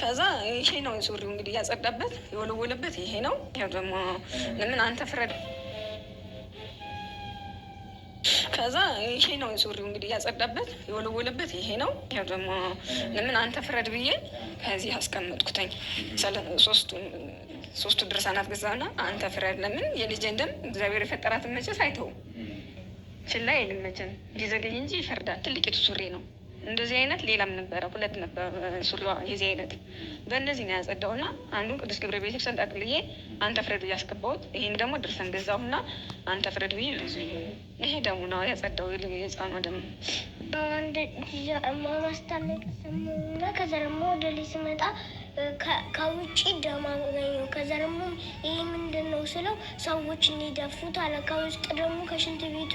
ከዛ ይሄ ነው ሱሪው እንግዲህ ያጸዳበት የወለወለበት ይሄ ነው። ያው ደግሞ ለምን አንተ ፍረድ። ከዛ ይሄ ነው ሱሪው እንግዲህ ያጸዳበት የወለወለበት ይሄ ነው። ያው ደግሞ ለምን አንተ ፍረድ ብዬ ከዚህ አስቀመጥኩተኝ ሶስቱ ሶስቱ ድርሳናት ገዛና አንተ ፍረድ። ለምን የልጄን ደም እግዚአብሔር የፈጠራትን መቼስ አይተውም ችላ የልመችን ቢዘገኝ እንጂ ይፈርዳል። ትልቂቱ ሱሪ ነው። እንደዚህ አይነት ሌላም ነበረ፣ ሁለት ነበር ሱሪዋ የዚህ አይነት በእነዚህ ነው ያጸዳው እና አንዱን ቅዱስ ገብርኤል ቤተክርስቲያን ጠቅልዬ አንተ ፍረድ ብዬ አስገባሁት። ይሄን ደግሞ ድርሰን ገዛሁና አንተ ፍረድ ብዬ ይሄ ደግሞ ነው ያጸዳው የህፃኗ ደግሞ ማስታለቅ ስሙና ከዛ ደግሞ ወደ ላይ ስመጣ ከውጭ ደም አገኘው። ከዛ ደግሞ ይህ ምንድን ነው ስለው ሰዎች እንዲደፉት አለ። ከውስጥ ደግሞ ከሽንት ቤቱ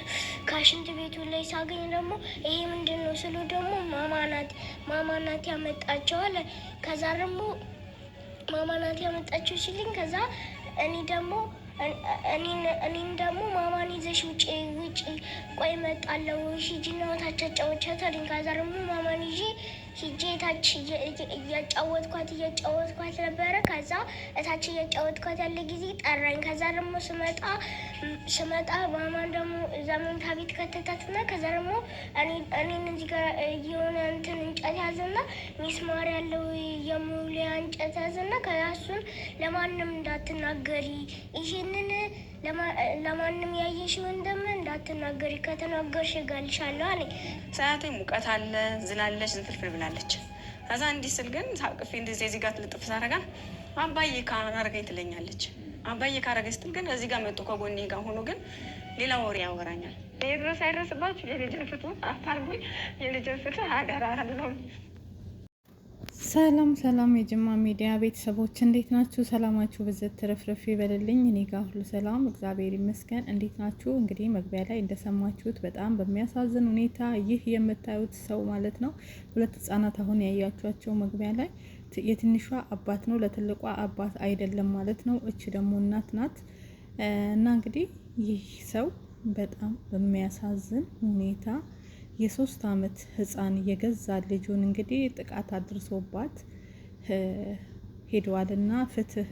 ከሽንት ቤቱ ላይ ሳገኝ ደግሞ ይሄ ምንድን ነው ስለው ደግሞ ማማናት ማማናት ያመጣቸው አለ። ከዛ ደግሞ ማማናት ያመጣቸው ሲልኝ ከዛ እኔ ደግሞ እኔም ደግሞ ማማን ይዘሽ ውጭ ውጭ ቆይ መጣለው ሂጂና ወታቻጫዎች ተሪኝ ከዛ ደግሞ ማማን ይዤ ሂጄ ታች እያጫወትኳት እያጫወትኳት ነበረ። ከዛ እታች እያጫወትኳት ያለ ጊዜ ጠራኝ። ከዛ ደግሞ ስመጣ ስመጣ ማማን ደግሞ እዛ መኝታ ቤት ከተታትና ከዛ ደግሞ እኔን እዚህ ጋር የሆነ እንትን እንጨት ያዝና ሚስማር ያለው የሙሊያ እንጨት ያዝና ከዛ እሱን ለማንም እንዳትናገሪ ይህንን ለማንም ያየሽው እንደምን እንዳትናገሪ፣ ከተናገርሽ እገልሻለሁ አለኝ። ሰያቴ ሙቀት አለ ዝላለች፣ ዝንፍልፍል ብላለች። ከዛ እንዲህ ስል ግን ሳቅፌ እንደዚህ እዚህ ጋር ትልጥፍ ሳረጋ አባዬ ካረገኝ ትለኛለች። አባዬ ካረገ ስትል ግን እዚህ ጋር መጡ ከጎኔ ጋር ሆኖ ግን ሌላ ወሬ ያወራኛል። ድረስ አይደርስባችሁ የልጅን ፍቱ አታርጉኝ፣ የልጅን ፍቱ ሀገር አለው ሰላም ሰላም የጅማ ሚዲያ ቤተሰቦች እንዴት ናችሁ? ሰላማችሁ ብዝት ትረፍረፍ ይበልልኝ። እኔ ጋር ሁሉ ሰላም እግዚአብሔር ይመስገን። እንዴት ናችሁ? እንግዲህ መግቢያ ላይ እንደሰማችሁት በጣም በሚያሳዝን ሁኔታ ይህ የምታዩት ሰው ማለት ነው ሁለት ህጻናት አሁን ያያችኋቸው መግቢያ ላይ የትንሿ አባት ነው ለትልቋ አባት አይደለም ማለት ነው። እች ደግሞ እናት ናት። እና እንግዲህ ይህ ሰው በጣም በሚያሳዝን ሁኔታ የሶስት አመት ህፃን የገዛ ልጁን እንግዲህ ጥቃት አድርሶባት ሄደዋል እና ፍትህ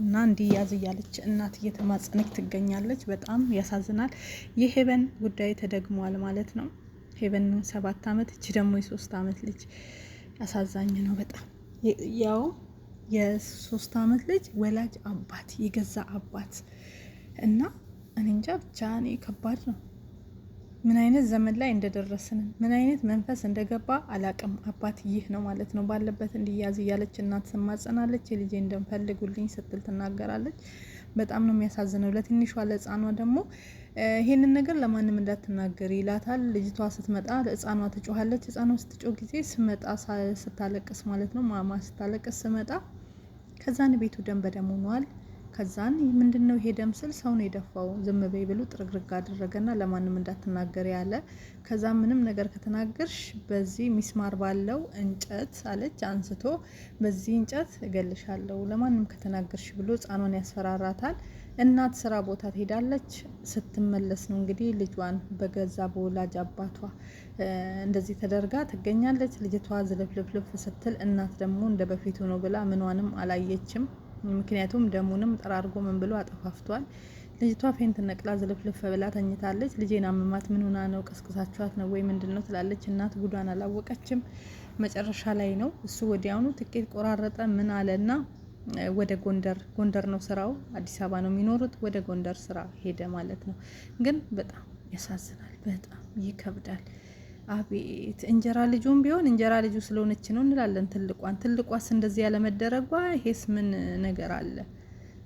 እና እንዲያዝ እያለች እናት እየተማጸነች ትገኛለች። በጣም ያሳዝናል። የሄበን ጉዳይ ተደግሟል ማለት ነው። ሄበን ሰባት አመት እች ደግሞ የሶስት አመት ልጅ አሳዛኝ ነው በጣም ያው የሶስት አመት ልጅ ወላጅ አባት የገዛ አባት እና እኔ እንጃ ብቻ እኔ ከባድ ነው። ምን አይነት ዘመን ላይ እንደደረስን ምን አይነት መንፈስ እንደገባ አላቅም። አባት ይህ ነው ማለት ነው ባለበት እንዲያዝ እያለች እናት ስማጸናለች። የልጄ እንደምፈልጉልኝ ስትል ትናገራለች። በጣም ነው የሚያሳዝነው። ለትንሿ ለሕፃኗ ደግሞ ይሄንን ነገር ለማንም እንዳትናገር ይላታል። ልጅቷ ስትመጣ ህፃኗ ትጮኋለች። ሕፃኗ ስትጮህ ጊዜ ስመጣ ስታለቅስ ማለት ነው ማማ ስታለቅስ ስመጣ ከዛን ቤቱ ደም በደም ሆኗል። ከዛን ምንድን ነው ይሄ ደም ስል ሰው ነው የደፋው፣ ዝም በይ ብሎ ጥርግርግ አደረገና ለማንም እንዳትናገር ያለ። ከዛ ምንም ነገር ከተናገርሽ በዚህ ሚስማር ባለው እንጨት አለች አንስቶ በዚህ እንጨት እገልሻለሁ ለማንም ከተናገርሽ ብሎ ህፃኗን ያስፈራራታል። እናት ስራ ቦታ ትሄዳለች። ስትመለስ ነው እንግዲህ ልጇን በገዛ በወላጅ አባቷ እንደዚህ ተደርጋ ትገኛለች። ልጅቷ ዝልፍልፍልፍ ስትል እናት ደግሞ እንደ በፊቱ ነው ብላ ምኗንም አላየችም። ምክንያቱም ደሙንም ጠራርጎ ምን ብሎ አጠፋፍቷል። ልጅቷ ፌንት ነቅላ ዝልፍልፍ ብላ ተኝታለች። ልጄን አመማት፣ ምን ሆና ነው? ቀስቅሳችኋት ነው ወይ ምንድን ነው ትላለች እናት። ጉዷን አላወቀችም። መጨረሻ ላይ ነው እሱ ወዲያውኑ ትኬት ቆራረጠ። ምን ና ወደ ጎንደር ጎንደር ነው ስራው፣ አዲስ አበባ ነው የሚኖሩት። ወደ ጎንደር ስራ ሄደ ማለት ነው። ግን በጣም ያሳዝናል፣ በጣም ይከብዳል። አቤት እንጀራ ልጁም ቢሆን እንጀራ ልጁ ስለሆነች ነው እንላለን። ትልቋን ትልቋስ እንደዚህ ያለመደረጓ ይሄስ ምን ነገር አለ?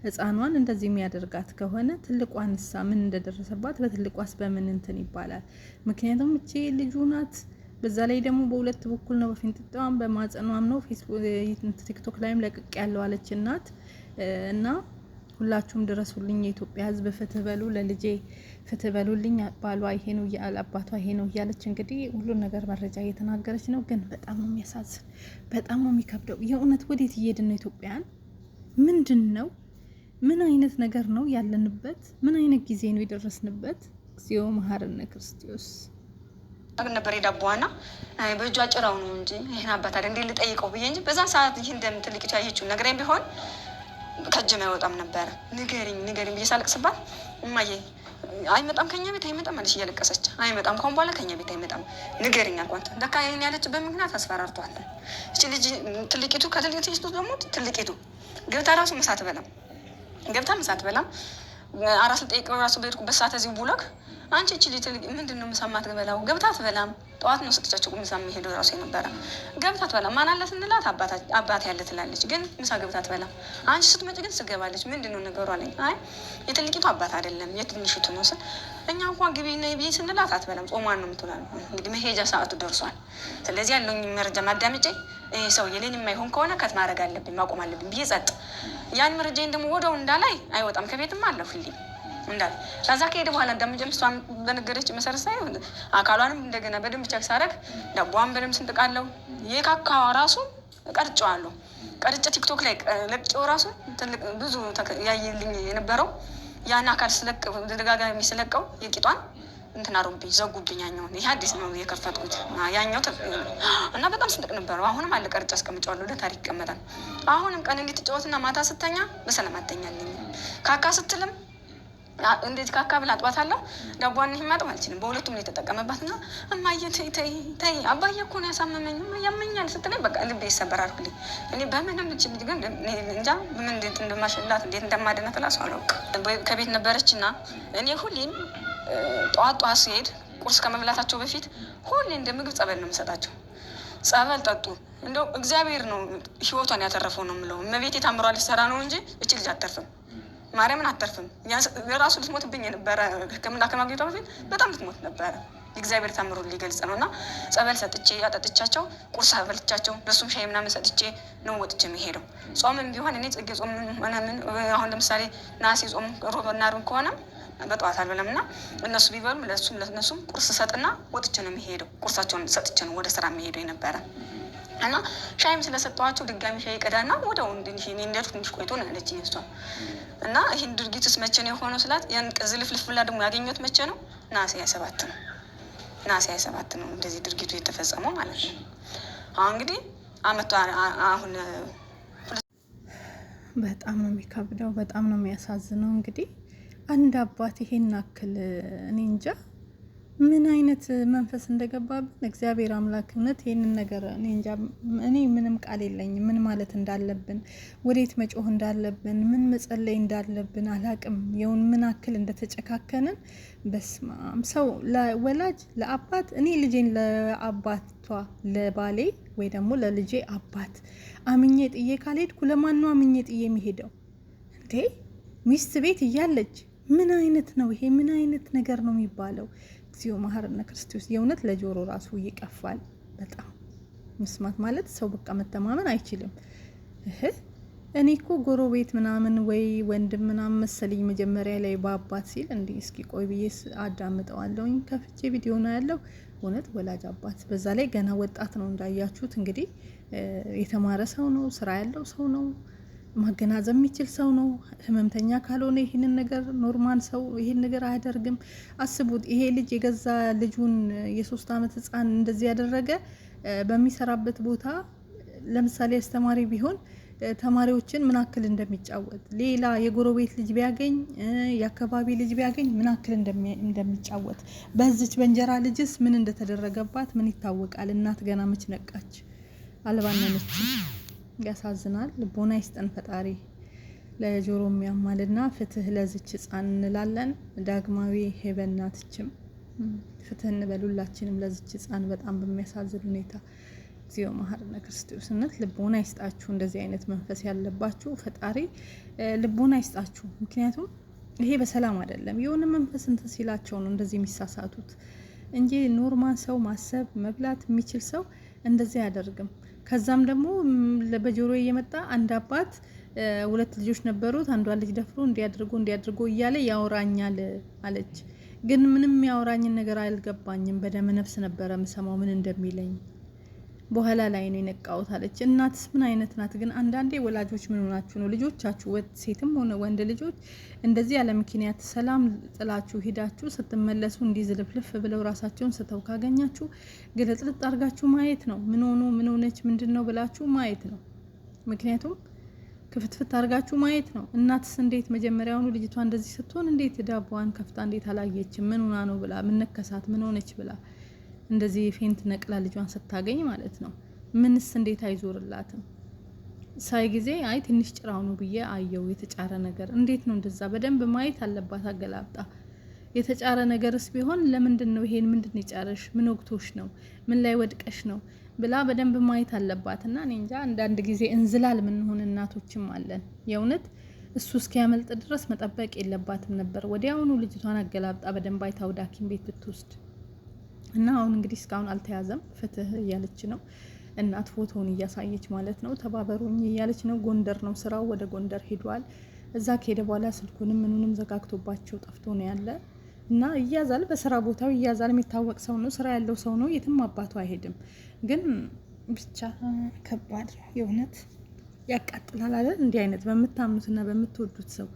ህፃኗን እንደዚህ የሚያደርጋት ከሆነ ትልቋንሳ ምን እንደደረሰባት በትልቋስ በምን እንትን ይባላል? ምክንያቱም እቺ ልጁ ናት። በዛ ላይ ደግሞ በሁለት በኩል ነው፣ በፊንጥጣዋም በማጸኗም ነው። ቲክቶክ ላይም ለቅቅ ያለው አለች እናት እና ሁላችሁም ድረሱልኝ። የኢትዮጵያ ሕዝብ ፍትህ በሉ፣ ለልጄ ፍትህ በሉልኝ። ባሏ ይሄ ነው እያለ አባቷ ይሄ ነው እያለች እንግዲህ ሁሉን ነገር መረጃ እየተናገረች ነው። ግን በጣም ነው የሚያሳዝን፣ በጣም ነው የሚከብደው። የእውነት ወዴት እየሄድን ነው? ኢትዮጵያን ምንድን ነው? ምን አይነት ነገር ነው ያለንበት? ምን አይነት ጊዜ ነው የደረስንበት? እግዚኦ መሐረነ ክርስቶስ ነበር የዳቦዋና በእጇ ጭራው ነው እንጂ ይህን አባት አይደል እንዴ ልጠይቀው ብዬ እንጂ በዛ ሰዓት ይህ እንደምትልቅ ያየችው ነገር ቢሆን ከእጅም አይወጣም ነበረ። ንገሪኝ ንገሪኝ ብዬ ሳለቅስባት እማዬ አይመጣም ከኛ ቤት አይመጣም አለች እያለቀሰች። አይመጣም ከሁን በኋላ ከኛ ቤት አይመጣም ንገሪኝ አልኳት። ለካ ይህን ያለችበት ምክንያት አስፈራርቷል። እች ልጅ ትልቂቱ ከትልቂቱ ደግሞ ትልቂቱ ገብታ ራሱ ምሳ በላም ገብታ ምሳ በላም አራስ ልጠይቅ ራሱ በሄድኩበት ሰዓት እዚሁ ቡሎክ አንቺ እቺ ልጅ ምንድን ነው ምሳ የማትበላው? ገብታ አትበላም። ጠዋት ነው ስጥቻቸው ስትጨጭቁ ምሳ የሚሄዱ ራሱ የነበረ ገብታ አትበላም። ማን አለ ስንላት አባት ያለ ትላለች፣ ግን ምሳ ገብታ አትበላም። አንቺ ስትመጭ ግን ስገባለች። ምንድን ነው ነገሩ አለኝ። አይ የትልቂቱ አባት አይደለም የትንሽቱ ነው ስል እኛ እንኳን ግቢ ነይ ስንላት አትበላም። ጾሟን ነው የምትውላል። እንግዲህ መሄጃ ሰዓቱ ደርሷል። ስለዚህ ያለኝ መረጃ ማዳምጬ ይህ ሰው የሌን የማይሆን ከሆነ ከት ማድረግ አለብኝ ማቆም አለብኝ ብዬ ጸጥ ያን መረጃዬን ደግሞ ወደው እንዳላይ አይወጣም ከቤትም አለሁ ሁሌ እንዳል ከዛ ከሄደ በኋላ እንደምጀም እሷን በነገረች መሰረት ሳይ አካሏንም እንደገና በደንብ ቸክ ሳረግ ዳቧን በደንብ ስንጥቃለሁ። የካካዋ ራሱ ቀርጬዋለሁ። ቀርጬ ቲክቶክ ላይ ለቅጬው ራሱ ትልቅ ብዙ ያየልኝ የነበረው ያን አካል ስለቅ ደጋጋሚ ስለቀው የቂጧን እንትን አሮብኝ ዘጉብኝ። ያኛውን ይህ አዲስ ነው የከፈትኩት ያኛው እና በጣም ስንጥቅ ነበረው። አሁንም አለ ቀርጬ አስቀምጫዋለሁ። ለታሪክ ይቀመጣል። አሁንም ቀን እንዲትጫወትና ማታ ስተኛ በሰላም አተኛልኝ ካካ ስትልም እንዴት ካካ ብላ አጥባታለሁ። ዳቧን ይህም አልችልም። በሁለቱም ነው የተጠቀመባት ና እማዬ ተይ ተይ ተይ አባዬ እኮ ነው ያሳመመኝ ያመኛል ስትለኝ በቃ ልቤ ይሰበራል። ብል እኔ በምንም እች ልጅ ግን እንጃ ምን እንዴት እንደማሸላት እንዴት እንደማድናት እራሱ አላውቅም። ከቤት ነበረች ና እኔ ሁሌም ጠዋት ጠዋት ስሄድ ቁርስ ከመብላታቸው በፊት ሁሌ እንደ ምግብ ጸበል ነው የምሰጣቸው። ጸበል ጠጡ። እንደው እግዚአብሔር ነው ህይወቷን ያተረፈው ነው የምለው። እመቤቴ ታምሯ ልትሰራ ነው እንጂ እች ልጅ አትተርፍም። ማርያምን አተርፍም የራሱ ልትሞትብኝ የነበረ ሕክምና ከማግኘቷ በፊት በጣም ልትሞት ነበረ። የእግዚአብሔር ተምሮ ሊገልጽ ነው እና ጸበል ሰጥቼ ያጠጥቻቸው ቁርስ አበልቻቸው ለሱም ሻይ ምናምን ሰጥቼ ነው ወጥቼ የሚሄደው። ጾምም ቢሆን እኔ ጽጌ ጾም ምናምን አሁን ለምሳሌ ናሴ ጾም ሮብና ዓርብ ከሆነ በጠዋት አልበለም እና እነሱ ቢበሉም ለሱም ለነሱም ቁርስ ሰጥና ወጥቼ ነው የሚሄደው። ቁርሳቸውን ሰጥቼ ነው ወደ ስራ የሚሄደው የነበረ እና ሻይም ስለሰጠዋቸው ድጋሚ ሻይ ቀዳና ወደው እንደቱ ትንሽ ቆይቶ ነው ያለችኝ እሷ። እና ይህን ድርጊትስ መቼ ነው የሆነው ስላት ያን ዝልፍልፍ ብላ ደግሞ ያገኘት መቼ ነው ነሐሴ ሃያ ሰባት ነው ነሐሴ ሃያ ሰባት ነው እንደዚህ ድርጊቱ የተፈጸመው ማለት ነው። አሁን እንግዲህ አመቷ አሁን በጣም ነው የሚከብደው፣ በጣም ነው የሚያሳዝነው። እንግዲህ አንድ አባት ይሄን አክል እኔ እንጃ ምን አይነት መንፈስ እንደገባብን እግዚአብሔር አምላክ እውነት ይህንን ነገር እኔ እንጃ። እኔ ምንም ቃል የለኝም። ምን ማለት እንዳለብን፣ ወዴት መጮህ እንዳለብን፣ ምን መጸለይ እንዳለብን አላቅም። የውን ምን አክል እንደተጨካከንን በስማም ሰው ወላጅ ለአባት እኔ ልጄን ለአባቷ ለባሌ ወይ ደግሞ ለልጄ አባት አምኜ ጥዬ ካልሄድኩ ለማን ነው አምኜ ጥዬ የሚሄደው እንዴ? ሚስት ቤት እያለች ምን አይነት ነው ይሄ? ምን አይነት ነገር ነው የሚባለው? እግዚኦ መሐረነ ክርስቶስ! የእውነት ለጆሮ ራሱ ይቀፋል በጣም መስማት ማለት ሰው በቃ መተማመን አይችልም። እህ እኔ እኮ ጎረቤት ምናምን ወይ ወንድም ምናምን መሰለኝ መጀመሪያ ላይ በአባት ሲል እንዲህ እስኪ ቆይ ብዬ አዳምጠዋለሁኝ። ከፍቼ ቪዲዮ ነው ያለው። እውነት ወላጅ አባት በዛ ላይ ገና ወጣት ነው እንዳያችሁት። እንግዲህ የተማረ ሰው ነው፣ ስራ ያለው ሰው ነው። ማገናዘብ የሚችል ሰው ነው። ህመምተኛ ካልሆነ ይህንን ነገር ኖርማል ሰው ይህን ነገር አያደርግም። አስቡት፣ ይሄ ልጅ የገዛ ልጁን የሶስት አመት ህፃን እንደዚህ ያደረገ በሚሰራበት ቦታ ለምሳሌ አስተማሪ ቢሆን ተማሪዎችን ምን አክል እንደሚጫወት ሌላ የጎረቤት ልጅ ቢያገኝ የአካባቢ ልጅ ቢያገኝ ምን አክል እንደሚጫወት በዚች በእንጀራ ልጅስ ምን እንደተደረገባት ምን ይታወቃል? እናት ገና መች ነቃች? አልባነነች። ያሳዝናል። ልቦና ይስጠን ፈጣሪ ለጆሮ የሚያማልና ፍትህ ለዝች ህፃን እንላለን። ዳግማዊ ሄበናትችም ፍትህ እንበሉላችንም ለዝች ህፃን በጣም በሚያሳዝን ሁኔታ ጊዜው መሐረነ ክርስቶስነት ልቦና ይስጣችሁ። እንደዚህ አይነት መንፈስ ያለባችሁ ፈጣሪ ልቦና ይስጣችሁ። ምክንያቱም ይሄ በሰላም አይደለም። የሆነ መንፈስ እንትን ሲላቸው ነው እንደዚህ የሚሳሳቱት እንጂ ኖርማል ሰው ማሰብ መብላት የሚችል ሰው እንደዚህ አያደርግም። ከዛም ደግሞ በጆሮ የመጣ አንድ አባት ሁለት ልጆች ነበሩት። አንዷ ልጅ ደፍሮ እንዲያድርጎ እንዲያድርጎ እያለ ያወራኛል አለች። ግን ምንም ያወራኝን ነገር አልገባኝም። በደመ ነፍስ ነበረ ምሰማው ምን እንደሚለኝ በኋላ ላይ ነው የነቃሁት አለች። እናትስ ምን አይነት ናት ግን? አንዳንዴ ወላጆች ምን ሆናችሁ ነው ልጆቻችሁ፣ ሴትም ሆነ ወንድ ልጆች እንደዚህ ያለ ምክንያት ሰላም ጥላችሁ ሂዳችሁ ስትመለሱ እንዲህ ዝልፍልፍ ብለው ራሳቸውን ስተው ካገኛችሁ ግልጥልጥ አርጋችሁ ማየት ነው። ምን ሆኑ፣ ምን ሆነች፣ ምንድን ነው ብላችሁ ማየት ነው። ምክንያቱም ክፍትፍት አድርጋችሁ ማየት ነው። እናትስ እንዴት መጀመሪያውኑ ልጅቷ እንደዚህ ስትሆን እንዴት ዳቧን ከፍታ እንዴት አላየችም? ምን ሆና ነው ብላ ምን ነከሳት? ምን ሆነች ብላ እንደዚህ ፌንት ነቅላ ልጇን ስታገኝ ማለት ነው። ምንስ እንዴት አይዞርላትም? ሳይ ጊዜ አይ ትንሽ ጭራው ነው ብዬ አየው የተጫረ ነገር። እንዴት ነው እንደዛ? በደንብ ማየት አለባት አገላብጣ። የተጫረ ነገርስ ቢሆን ለምንድን ነው ይሄን ምንድን የጫረሽ? ምን ወግቶሽ ነው? ምን ላይ ወድቀሽ ነው ብላ በደንብ ማየት አለባት። እና እኔ እንጃ አንዳንድ ጊዜ እንዝላል ምንሆን እናቶችም አለን የእውነት እሱ እስኪያመልጥ ድረስ መጠበቅ የለባትም ነበር። ወዲያውኑ ልጅቷን አገላብጣ በደንብ አይታ ወደ ሐኪም ቤት ብትወስድ እና አሁን እንግዲህ እስካሁን አልተያዘም፣ ፍትህ እያለች ነው እናት ፎቶውን እያሳየች ማለት ነው። ተባበሩኝ እያለች ነው። ጎንደር ነው ስራው፣ ወደ ጎንደር ሄዷል። እዛ ከሄደ በኋላ ስልኩንም ምኑንም ዘጋግቶባቸው ጠፍቶ ነው ያለ እና እያዛል፣ በስራ ቦታው እያዛል። የሚታወቅ ሰው ነው፣ ስራ ያለው ሰው ነው። የትም አባቱ አይሄድም። ግን ብቻ ከባድ የእውነት ያቃጥላል አለ እንዲህ አይነት በምታምኑትና በምትወዱት ሰው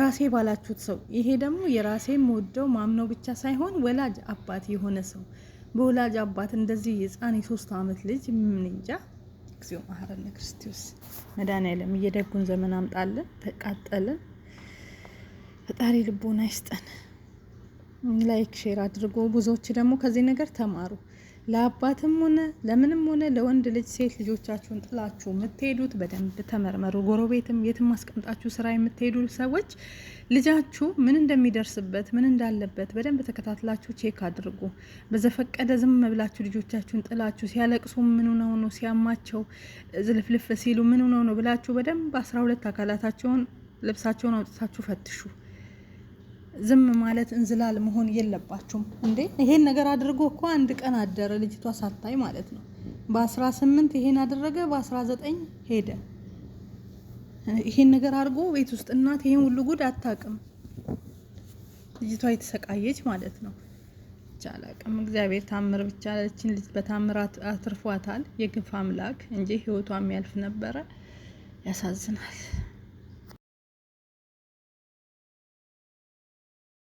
ራሴ ባላችሁት ሰው ይሄ ደግሞ የራሴ ወደው ማምነው ብቻ ሳይሆን ወላጅ አባት የሆነ ሰው በወላጅ አባት እንደዚህ የህፃን የሶስት አመት ልጅ ምን እንጃ እግዚኦ መሐረነ ክርስቶስ መድኃኔዓለም እየደጉን ዘመን አምጣልን ተቃጠልን ፈጣሪ ልቦና ይስጠን ላይክ ሼር አድርጎ ብዙዎች ደግሞ ከዚህ ነገር ተማሩ ለአባትም ሆነ ለምንም ሆነ ለወንድ ልጅ ሴት ልጆቻችሁን ጥላችሁ የምትሄዱት በደንብ ተመርመሩ። ጎረቤትም የትም አስቀምጣችሁ ስራ የምትሄዱ ሰዎች ልጃችሁ ምን እንደሚደርስበት ምን እንዳለበት በደንብ ተከታትላችሁ ቼክ አድርጉ። በዘፈቀደ ዝም ብላችሁ ልጆቻችሁን ጥላችሁ ሲያለቅሱ ምን ነው ነው ሲያማቸው ዝልፍልፍ ሲሉ ምን ነው ነው ብላችሁ በደንብ አስራ ሁለት አካላታቸውን ልብሳቸውን አውጥታችሁ ፈትሹ። ዝም ማለት እንዝላል መሆን የለባችሁም እንዴ! ይሄን ነገር አድርጎ እኮ አንድ ቀን አደረ ልጅቷ ሳታይ ማለት ነው። በ18 ይሄን አደረገ፣ በ19 ሄደ። ይሄን ነገር አድርጎ ቤት ውስጥ እናት ይሄን ሁሉ ጉድ አታውቅም። ልጅቷ የተሰቃየች ማለት ነው። ብቻ እግዚአብሔር ታምር ብቻ ለችን ልጅ በታምር አትርፏታል የግፍ አምላክ እንጂ ህይወቷ የሚያልፍ ነበረ። ያሳዝናል።